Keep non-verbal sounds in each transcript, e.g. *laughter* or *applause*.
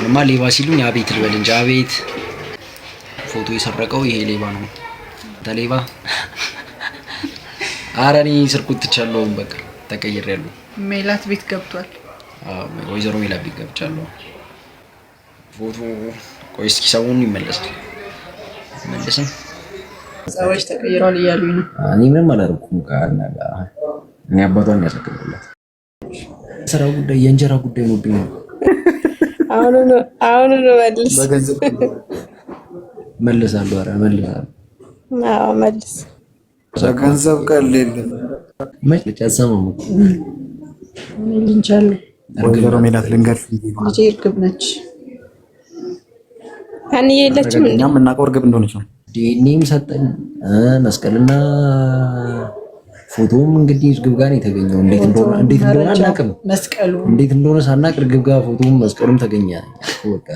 አሁንማ ሌባ ሲሉኝ አቤት ልበል እንጂ አቤት። ፎቶ የሰረቀው ይሄ ሌባ ነው። ተሌባ አረ እኔ ስርቁት ትቻለሁም። በቃ ተቀይሬያለሁ። ሜላት ቤት ገብቷል። ወይዘሮ ሜላት ቤት ገብቻለሁ። ፎቶ ቆይ እስኪ ሰሞኑን ይመለሳል። መለስም ሰዎች ተቀይረዋል እያሉኝ ነው። እኔ ምንም አላደረኩም። እኔ አባቷን ያሰክምላት ስራ ጉዳይ የእንጀራ ጉዳይ ነው። አሁኑኑ መልስ በገንዘብ መልሳለሁ። ኧረ መልሳለሁ። አዎ መልስ። በገንዘብ ቀልድ የለም። መች ልጅ አትሰማም እኮ ልንቻለሁ። ወይዘሮ ሜላት ልንገርሽ፣ ልጄ እርግብ ነች። አንዬ የለችም። እኛም የምናውቀው እርግብ እንደሆነች ነው። ዲኒም ሰጠኝ መስቀልና ፎቶም እንግዲህ እርግብ ጋር ነው የተገኘው። እንዴት እንደሆነ እንዴት እንደሆነ አናቅም። መስቀሉ እንዴት እንደሆነ ሳናቅ እርግብ ጋር ፎቶም መስቀሉም ተገኘ። በቃ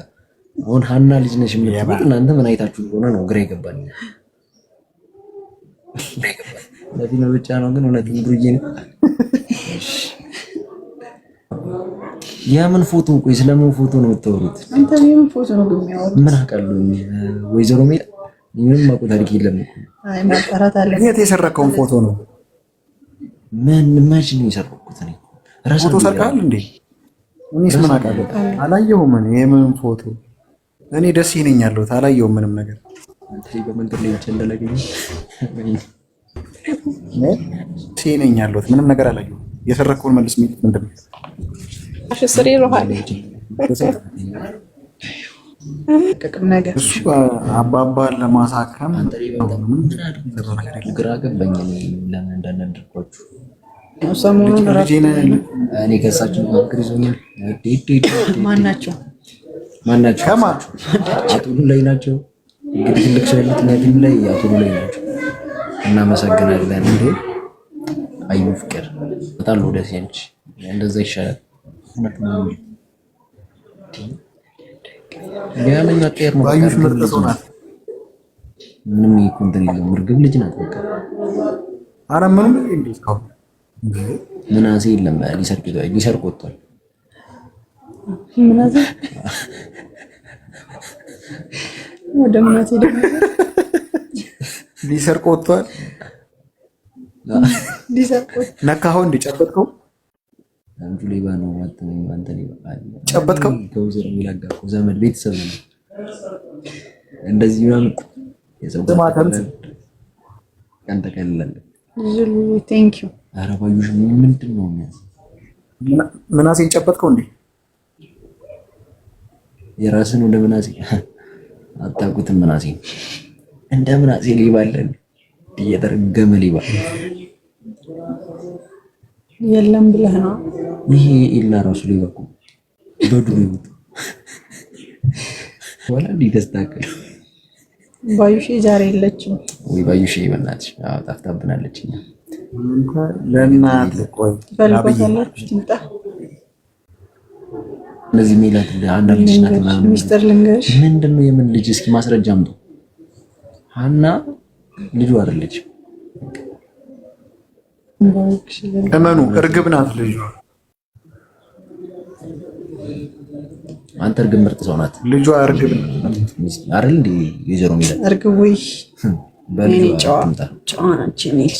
አሁን ሀና ልጅ ነሽ የምትሉት እናንተ ምን አይታችሁ እንደሆነ ነው ግራ ይገባል። ለዚህ ነው ብቻ ነው ግን እውነት ብሩዬ ነው። የምን ፎቶ? ቆይ ስለምን ፎቶ ነው የምታወሩት? አንተ የምን ፎቶ ነው የሚያወሩት? ምን አውቃለሁ ወይዘሮ ሜዳ ምንም ማቆ ታሪክ የለም። አይ ማጣራት አለ። የት የሰረከውን ፎቶ ነው ምን መች ነው የሰረኩት? እኔ ፎቶ ሰርቀሃል እንዴ? እኔስ ምን አውቃለሁ? አላየሁም። ምን የምን ፎቶ እኔ ደስ ይነኝ ያለሁት አላየሁም። ምንም ነገር በመንገድ ደስ ይነኝ ያለሁት ምንም ነገር አላየሁም። የሰረከውን መልስ ሚል ምንድን ነው? እሱ አባባ ለማሳከም ግራ ገባኝ። ለምን እንዳናደርጓችሁ እኔ ገሳችን ማክር ይዞኛል። ናቸው? ላይ ናቸው። እንግዲህ ትልቅ ሰው ላይ አቶ ናቸው። እናመሰግናለን። አዩ ፍቅር በጣም ነው ደስ እንደዛ ይሻላል። ምንም ይኩን ድሪል ምርግብ ልጅ ናት። በቃ አረ ምንም ምናሴ የለም ሊሰርቅ ወጥቷል። ምናሴ ወደ ምናሴ ደግሞ ሊሰርቅ ወጥቷል። ነካኸው? እንደ ጨበጥከው? አንዱ ሌባ ነው። አንተ ሌባ ጨበጥከው? የሚላጋ እኮ ዘመድ ቤተሰብ ነው። እንደዚህ የሰው ቀን ኧረ ባዩሽ ምንድን ነው ምናሴን ጨበጥከው እንዴ? የራስን ወደ ምናሴ አታውቁትም። ምናሴ እንደ ምናሴ ሊባለን እየተረገመ ሊባ የለም ብለህ ነው። ይሄ ኢላ ራሱ ሊበቁ በዱር ይወጡ ወላ ባዩሽ ዛሬ የለችም ወይ? ባዩሽ በእናትሽ አዎ፣ ለእናት ቆይ እንደዚህ የሚላት አንዳንድ ልጅ ምንድን ነው የምን ልጅ እስኪ ማስረጃ አምጡ ሀና ልጁ አይደለች እመኑ እርግብ ናት ልጁ አንተ እርግብ ምርጥ ሰው ናት ልጇ እርግብ አይደል እንዴ ወይዘሮ ሚላት እርግብ ወይ ጨዋ ናቸው ልጅ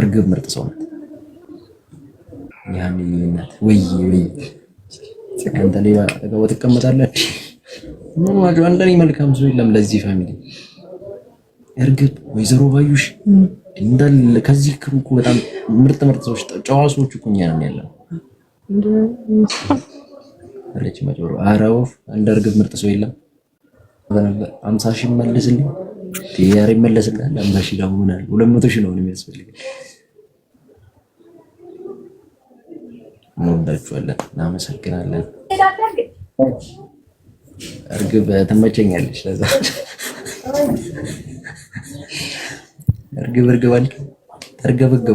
እርግብ ምርጥ ሰው ናት። ያን ይነት ወይ ወይ አንተ ሌባ ተቀበ ትቀመጣለህ። ምን ማለት አንተ ላይ መልካም ሰው የለም ለዚህ ፋሚሊ። እርግብ ወይዘሮ ባዩሽ እንዳል ከዚህ ክሩ እኮ በጣም ምርጥ ምርጥ ሰዎች ጨዋ ሰዎች እኮ እኛ ነን ያለው አለች። መጮሩ ኧረ ወፍ እንደ እርግብ ምርጥ ሰው የለም። አምሳ ሺህ መልስልኝ ዲያር ይመለስና አምሳ ሺህ ደግሞ ምን አለ ሁለት መቶ ሺህ ነው የሚያስፈልገው። እንወዳችኋለን፣ እናመሰግናለን። እርግብ ትመቸኛለች። ለዛ እርግብ እርግብ አልክ ተርገበገቡ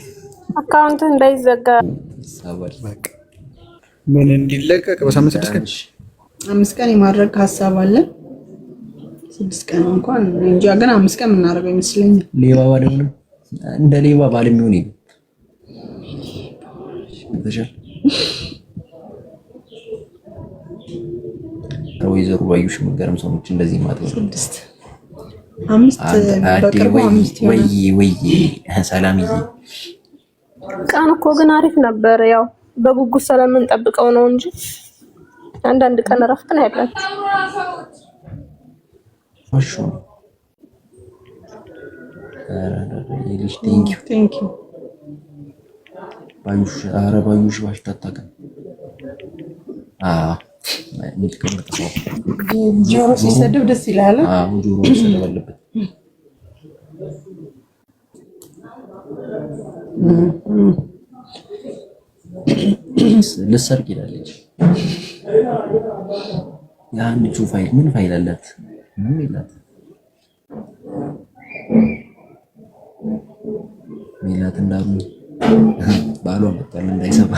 አካውንት እንዳይዘጋ ምን እንዲለቀቅ በሳምንት ስድስት ቀን አምስት ቀን የማድረግ ሀሳብ አለን። ስድስት ቀን እንኳን እንጃ፣ ግን አምስት ቀን የምናደርገው ይመስለኛል። ሌባ ባል እንደ ሌባ ባል የሚሆን ወይዘሮ ባዩሽ መገረም ሰዎች እንደዚህ ማለት ነው። ስድስት አምስት በቅርቡ አምስት ወይ ወይ ሰላምዬ ቀን እኮ ግን አሪፍ ነበር። ያው በጉጉት ስለምንጠብቀው ነው እንጂ አንዳንድ ቀን እረፍት ነው ያላችሁ። ኧረ ባዩሽ ባሽ ጆሮ ሲሰድብ ደስ ይላል። ጆሮ ሲሰድብ አለበት ልሰርቅ ይላለች። ቹ ፋይል ምን ፋይል አላት? ምን የላት። ሚላት እንዳሉ ባሏ መጣል እንዳይሰማ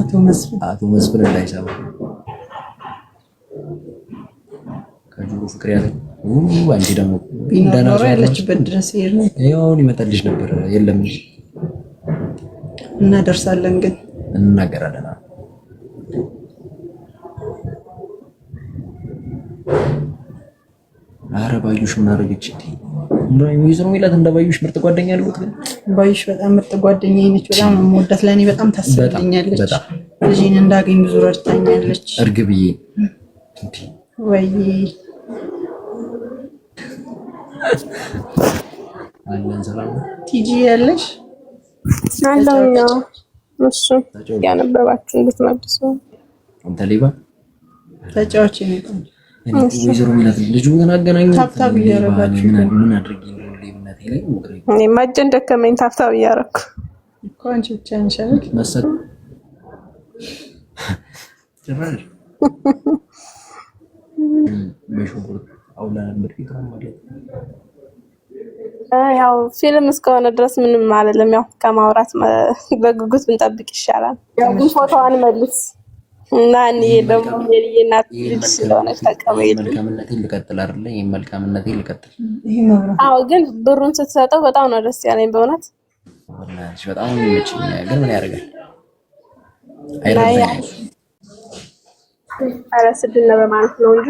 አቶ መስፍን አቶ መስፍን እንዳይሰማ ከጆሮ ፍቅር ያለ አንቺ ደግሞ ቢንዳና ያለችበት ድረስ ይሄ ነው ይመጣልሽ ነበር የለም እናደርሳለን ግን እናገራለን። አረ ባዩሽ ምን አደረገች? ወይዘሮ ነው የሚላት እንደ ባዩሽ ምርጥ ጓደኛ አልኩት። ግን ባዩሽ በጣም ምርጥ ጓደኛ ነች። በጣም ነው የምወዳት። ለእኔ በጣም ታስብልኛለች። ልጄን እንዳገኝ ብዙ ረድታኛለች። እርግብዬ ወይ አለን ሰላም ቲጂ ያለሽ አለውኛ እሱ ያነበባችሁ እንድትመልሱ አንተ ሌባ ተጫዋች ወይዘሮ ሚላት ልጁ ምን አገናኘ? ታብታብ እያረጋችሁ ምን አድርጊ እኔማ እጄን ደከመኝ። ታብታብ እያረኩ እኮ አንቺ ብቻ ነሽ አይደል መሰል ጀመር ያው ፊልም እስከሆነ ድረስ ምንም አይደለም። ያው ከማውራት በጉጉት ብንጠብቅ ይሻላል። ያው ግን ፎቶዋን መልስ እና እኔ ደግሞ የእናት ልጅ ስለሆነች ተቀበይ። መልካምነቴ ልቀጥል አይደለ? ይሄ መልካምነቴ ልቀጥል። አዎ፣ ግን ብሩን ስትሰጠው በጣም ነው ደስ ያለኝ በእውነት በጣም የሚመች ግን ምን ያደርጋል አይደለም ስድነ በማለት ነው እንጂ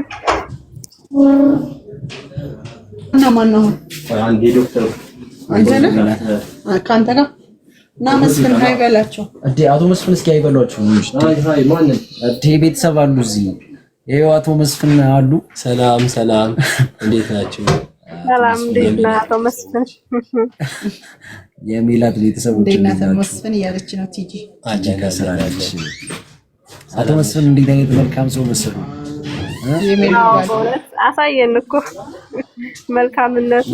እና ማነው ከአንተ ጋር እና መስፍን አቶ መስፍን እስኪ አይበሏቸው ቤተሰብ አሉ እዚህ ይኸው አቶ መስፍን አሉ። ሰላም ሰላም፣ እንዴት ናቸው? ሰላም እንዴት ነህ አቶ መስፍን? የሚላት እንዴት ናቸው? መስፍን እያለች ነው ቲጂ። አቶ መስፍን እንዴት አይነት መልካም ሰው መስሉ አሳየን እኮ መልካምነት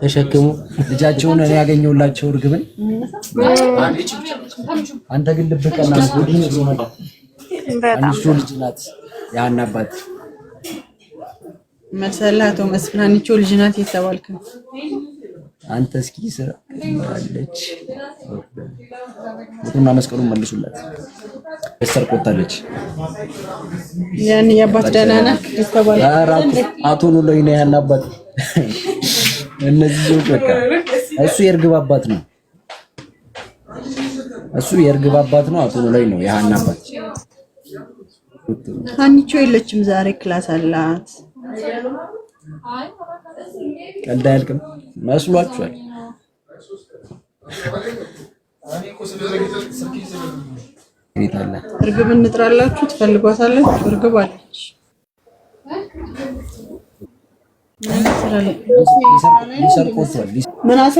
ተሸክሙ ልጃቸውን እኔ ያገኘሁላቸው እርግብን አንተ ግን ልብቀና አንቺ ልጅ ናት ያን መሰላቶ መስፍናንቾ ልጅ ናት የተባልክ አንተ እስኪ ስራ አለች መስቀሉን መልሱላት እስተር ቆታለች ያን ያባት ደህና ነህ ተባለ። አቶ ነው ያን አባት እነዚህ በቃ እሱ የእርግብ አባት ነው። እሱ የእርግብ አባት ነው። አቶ ነው የሀና አባት። አንቺ የለችም ዛሬ ክላስ አላት። ቀልድ አያልቅም መስሏችኋል። ቤት አላት። እርግብ እንጥራላችሁ፣ ትፈልጓታለች። እርግብ አለች። ምናሴ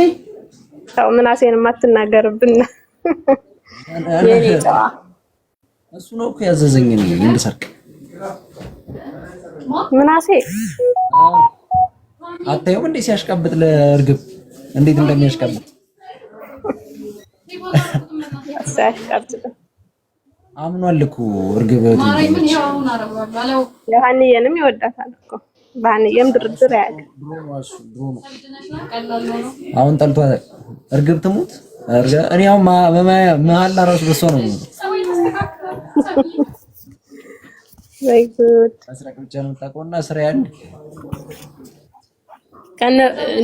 ተው፣ ምናሴን የማትናገርብን እሱ ነው እኮ ያዘዘኝ እንድሰርቅ። ምናሴ አታየውም እንዴ ሲያሽቀብጥ ለእርግብ እንዴት እንደሚያሽቀብጥ ሲያሽቀብጥ አምኗል እኮ እርግብ ዮሐንዬንም ይወዳታል እኮ በሀንዬም ድርድር አያውቅም። አሁን ጠልቷታል። እርግብ ትሙት እኔ ያው መሀላ ራሱ በሷ ነው።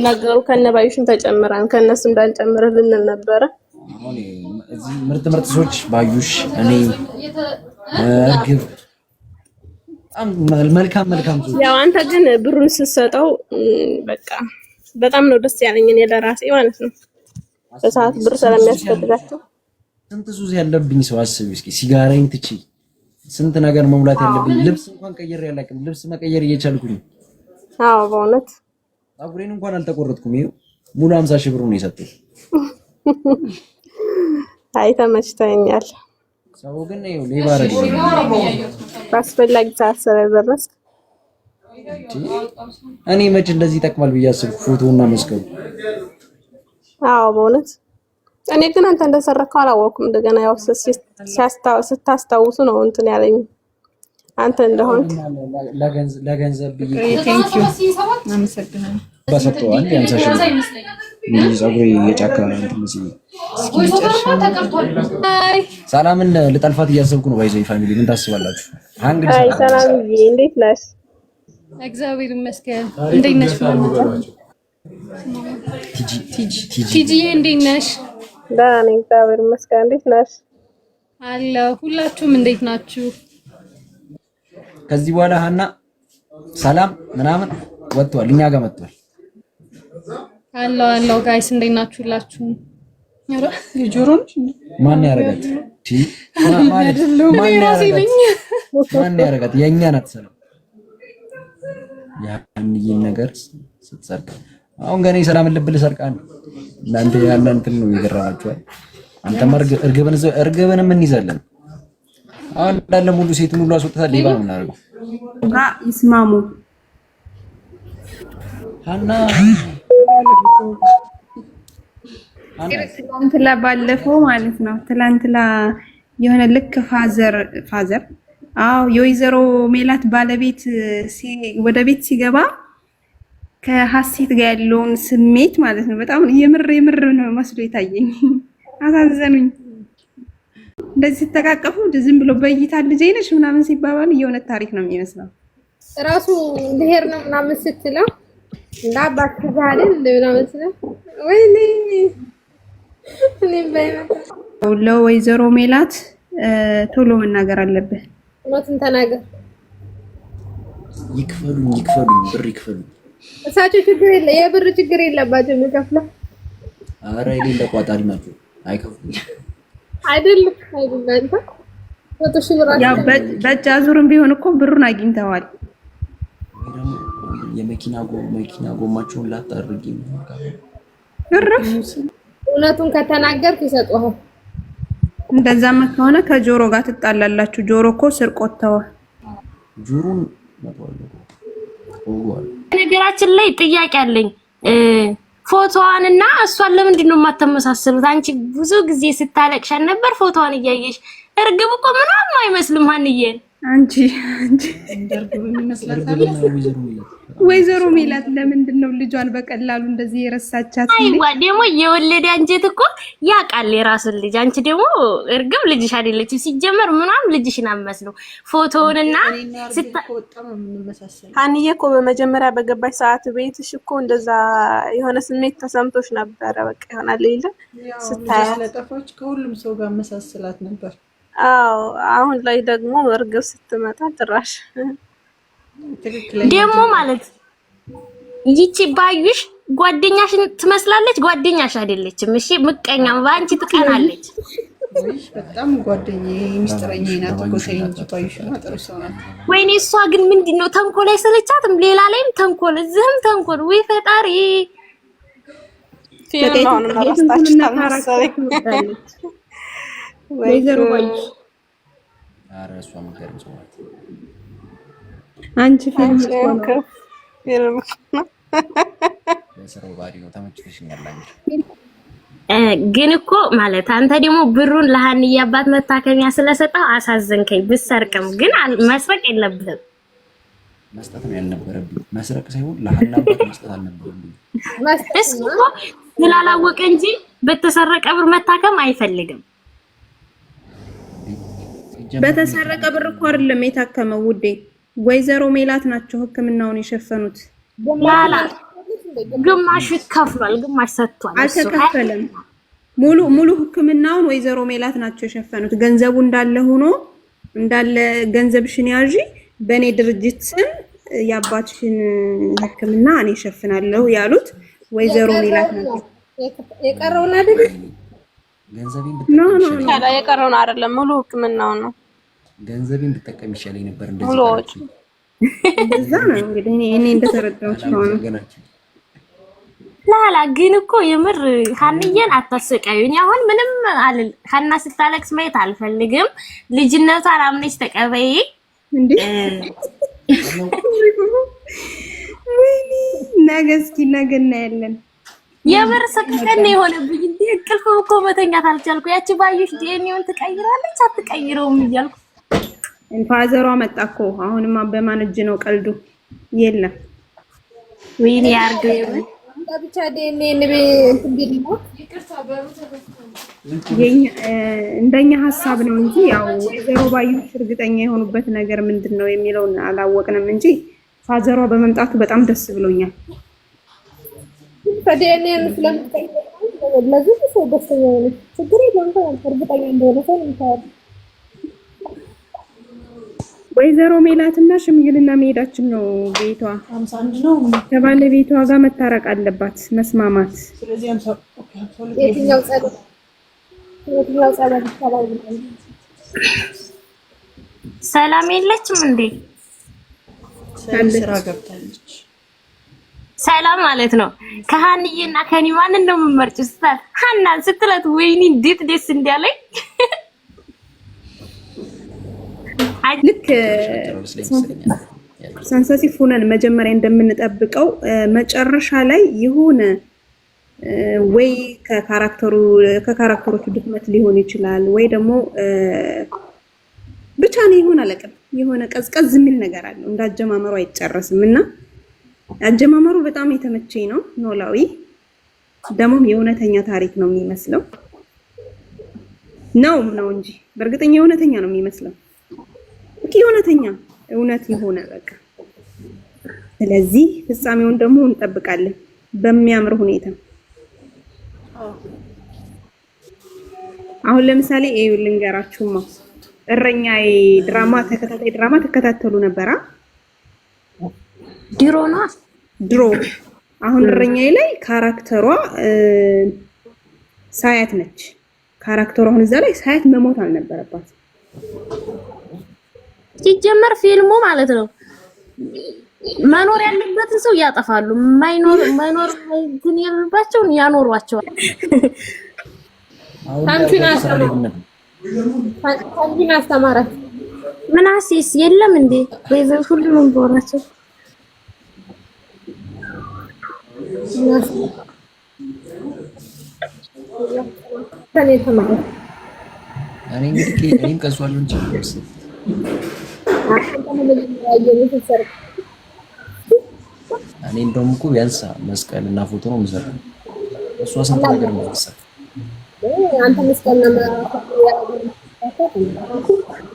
ነገሩ ከነ ባዩሽን ተጨምረን ከእነሱ እንዳንጨምር ልንል ነበረ እዚህ ምርጥ ምርጥ ሰዎች ባዩሽ፣ እኔ እርግብ መልካም መልካም ሰዎች። ያው አንተ ግን ብሩን ስትሰጠው በቃ በጣም ነው ደስ ያለኝ እኔ ለራሴ ማለት ነው። በሰዓት ብር ስለሚያስፈልጋቸው ስንት ያለብኝ ሰው አስቢ እስኪ። ሲጋራኝ ትቼ ስንት ነገር መሙላት ያለብኝ ልብስ እንኳን ቀይሬ አላውቅም። ልብስ መቀየር እየቻልኩኝ አዎ፣ በእውነት እንኳን አልተቆረጥኩም። ይኸው ሙሉ 50 ሺህ ብር ነው የሰጠኝ። *laughs* አይ ተመችቶኛል። ሰው ግን ይኸው ሌባ በአስፈላጊ ሰዓት ስለደረስክ እኔ መች እንደዚህ ይጠቅማል ብዬ አስብ ፎቶና መስቀሉ። አዎ በእውነት እኔ ግን አንተ እንደሰረከው አላወቅኩም። እንደገና ያው ስታስታውሱ ነው እንትን ያለኝ አንተ እንደሆን ለገንዘብ ብዬ ሰላምን ልጠልፋት እያሰብኩ ነው። ባይዘ ፋሚሊ ምን ታስባላችሁ? እንዴት ነሽ? እግዚአብሔር ይመስገን። እንዴት ነሽ? ቲጂዬ እንዴት ነሽ? ደህና ነኝ እግዚአብሔር ይመስገን። እንዴት ነሽ? ሁላችሁም እንዴት ናችሁ? ከዚህ በኋላ ሀና ሰላም ምናምን ወጥቷል፣ እኛ ጋር መጥቷል። አለው አለው ጋይስ እንዴት ናችሁ? ሁላችሁ የጆሮ ነሽ? ማን ያረጋት? ማን ያረጋት? የእኛ ናት። ሰላም ያንይን ነገር ስትሰርቅ አሁን ገና የሰላም ልብ ልሰርቃ ነው። እናንተ ያለ እንትን ነው የገረማችኋል። አንተም እርግብን ምን እንይዛለን። አሁን እንዳለ ሙሉ ሴት ሙሉ አስወጥታ ሌባ ነው የምናደርገው። ይስማሙ ሀና ትላንትላ ባለፈው ማለት ነው። ትላንትላ የሆነ ልክ ፋዘር ፋዘር አዎ የወይዘሮ ሜላት ባለቤት ወደ ቤት ሲገባ ከሀሴት ጋር ያለውን ስሜት ማለት ነው። በጣም የምር የምር ነው መስሎ የታየኝ። አሳዘኑኝ። እንደዚህ ተቃቀፉ፣ ዝም ብሎ በእይታ ልጄ ነሽ ምናምን ሲባባል የእውነት ታሪክ ነው የሚመስለው። ራሱ ብሄር ነው ምናምን ስትለው እና እባክህ ዛሬ እንደምን አመስለህ ወይኔ እኔም ባይመጣ ለወይዘሮ ሜላት ቶሎ መናገር አለብህ። እውነቱን ተናገር። ይክፈሉኝ ይክፈሉኝ፣ ብር ይክፈሉኝ። እሳቸው ችግር የለ የብር ችግር የለባቸው የሚከፍለው አረ የሌለ ቋጣሪ ናቸው። አይከፍሉኝ አይደለም አይደለም። አንተ በእጅ አዙርም ቢሆን እኮ ብሩን አግኝተዋል። የመኪና መኪና ጎማቸውን ላታርግ እውነቱን ከተናገርክ ይሰጡሃል። እንደዛማ ከሆነ ከጆሮ ጋር ትጣላላችሁ። ጆሮ እኮ ስርቆት ተወ። ጆሮን ነገራችን ላይ ጥያቄ አለኝ። ፎቶዋን እና እሷን ለምንድን ነው የማተመሳሰሉት? አንቺ ብዙ ጊዜ ስታለቅሻን ነበር ፎቶዋን እያየሽ። እርግብ እኮ ምናምን አይመስልም ሀንዬን አንቺ ወይዘሮ ሜላት ለምንድን ነው ልጇን በቀላሉ እንደዚህ የረሳቻት? አይዋ ደግሞ የወለደ አንጀት እኮ ያውቃል የራሱን ልጅ። አንቺ ደግሞ እርግብ ልጅሽ አይደለችም ሲጀመር፣ ምኗም ልጅሽን አመስለው ፎቶውንና ሀኒዬ እኮ በመጀመሪያ በገባሽ ሰዓት ቤትሽ እኮ እንደዛ የሆነ ስሜት ተሰምቶሽ ነበረ። በቃ ይሆናል ስታያ ስታያት ከሁሉም ሰው ጋር መሳስላት ነበር አዎ አሁን ላይ ደግሞ እርግብ ስትመጣ ጭራሽ ደግሞ ማለት ይቺ ባዩሽ ጓደኛሽ ትመስላለች፣ ጓደኛሽ አይደለችም። እሺ ምቀኛም በአንቺ ትቀናለች። በጣም ጓደኛዬ ሚስጥረኛዬ ናት እኮ ተይኝ እንጂ ባዩሽ ጥሩ ሰው ናት። ወይኔ እሷ ግን ምንድን ነው ተንኮል አይሰለቻትም? ሌላ ላይም ተንኮል፣ እዚህም ተንኮል። ወይ ፈጣሪ ፌር ነው ነው ወይዘሮ ባዩሽ ኧረ እሷም ገርም ሰዋት አንቺ አንቺ ግን እኮ ማለት አንተ ደግሞ ብሩን ለሀንዬ አባት መታከሚያ ስለሰጠው አሳዘንከኝ። ብሰርቅም ግን መስረቅ የለብህም መስጠትም ያልነበረብኝ መስረቅ ሳይሆን ለሀና አባት መስጠት አልነበረብኝ። እሱ ስላላወቀ እንጂ በተሰረቀ ብር መታከም አይፈልግም። በተሰረቀ ብር እኮ አይደለም የታከመው ውዴ። ወይዘሮ ሜላት ናቸው ህክምናውን የሸፈኑት። ግማሽ ይከፍሏል፣ ግማሽ ሰጥቷል። አልተከፈለም። ሙሉ ሙሉ ህክምናውን ወይዘሮ ሜላት ናቸው የሸፈኑት። ገንዘቡ እንዳለ ሆኖ እንዳለ ገንዘብሽን ያዥ በእኔ ድርጅት ስም የአባትሽን ህክምና እኔ ሸፍናለሁ ያሉት ወይዘሮ ሜላት ናቸው። የቀረውን አይደለም ሙሉ ህክምናውን ነው ገንዘቤን ብጠቀም ይሻለኝ ነበር። እንደዚህ ነው እንግዲህ እኔ እንደተረዳሁት ላላ ግን እኮ የምር ሀንዬን አታሰቃዩኝ። አሁን ምንም አልል ሀና ስታለቅስ ማየት አልፈልግም። ልጅነቷን አምነሽ ተቀበይ። ወይኔ ነገ እስኪ ነገ እናያለን። የምር ስቅቀን የሆነብኝ እንዲ እንቅልፍ እኮ መተኛት አልቻልኩ። ያቺ ባዩሽ ዲኤንኤውን ትቀይራለች አትቀይረውም እያልኩ ፋዘሯ መጣ እኮ አሁንማ፣ በማን እጅ ነው ቀልዱ? የለም ወይኔ ያርገው ብቻ እንደኛ ሀሳብ ነው እንጂ ያው ወይዘሮ ባዩሽ እርግጠኛ የሆኑበት ነገር ምንድን ነው የሚለውን አላወቅንም እንጂ ፋዘሯ በመምጣቱ በጣም ደስ ብሎኛል። ስለምትጠይቅ ለዚህ ሰው ደስተኛ ሆነች። ችግር የለም እርግጠኛ እንደሆነ ሰው ወይዘሮ ሜላትና ሽምግልና መሄዳችን ነው። ቤቷ ከባለቤቷ ጋር መታረቅ አለባት፣ መስማማት። ሰላም የለችም እንዴ? ሰላም ማለት ነው። ከሀንዬና ከኔ ማንን ነው የምመርጭው? ስታት ሀናን ስትላት ወይኔ እንዴት ደስ እንዳለኝ ልክ ሰንሰሲቭ ሆነን መጀመሪያ እንደምንጠብቀው መጨረሻ ላይ የሆነ ወይ ከካራክተሮቹ ድክመት ሊሆን ይችላል፣ ወይ ደግሞ ብቻ ነው ይሆን አለቅም የሆነ ቀዝቀዝ የሚል ነገር አለው። እንደ አጀማመሩ አይጨረስም እና አጀማመሩ በጣም የተመቸኝ ነው። ኖላዊ ደግሞም የእውነተኛ ታሪክ ነው የሚመስለው ነው ነው እንጂ በእርግጠኛ የእውነተኛ ነው የሚመስለው ድንቅ የእውነተኛ እውነት የሆነ በቃ ስለዚህ ፍጻሜውን ደግሞ እንጠብቃለን በሚያምር ሁኔታ። አሁን ለምሳሌ እዩ ልንገራችሁማ እረኛዬ ድራማ ተከታታይ ድራማ ተከታተሉ ነበራ ድሮ ድሮ። አሁን እረኛዬ ላይ ካራክተሯ ሳያት ነች። ካራክተሯ አሁን እዛ ላይ ሳያት መሞት አልነበረባት ሲጀመር ፊልሙ ማለት ነው መኖር ያለበትን ሰው ያጠፋሉ፣ ማይኖር ማይኖር ግን ያሉባቸውን ያኖሯቸዋል። ታንኪን አስተማራት ምናሴስ የለም እንዴ ወይዘር ሁሉንም ቦራቸው እኔ እንግዲህ እኔም ቀዟሉን ችግር እኔ እንደውም እኮ ቢያንስ መስቀል እና ፎቶ ነው የምሰራው። እሷ ስንት ነገር ነው የምትሰራው።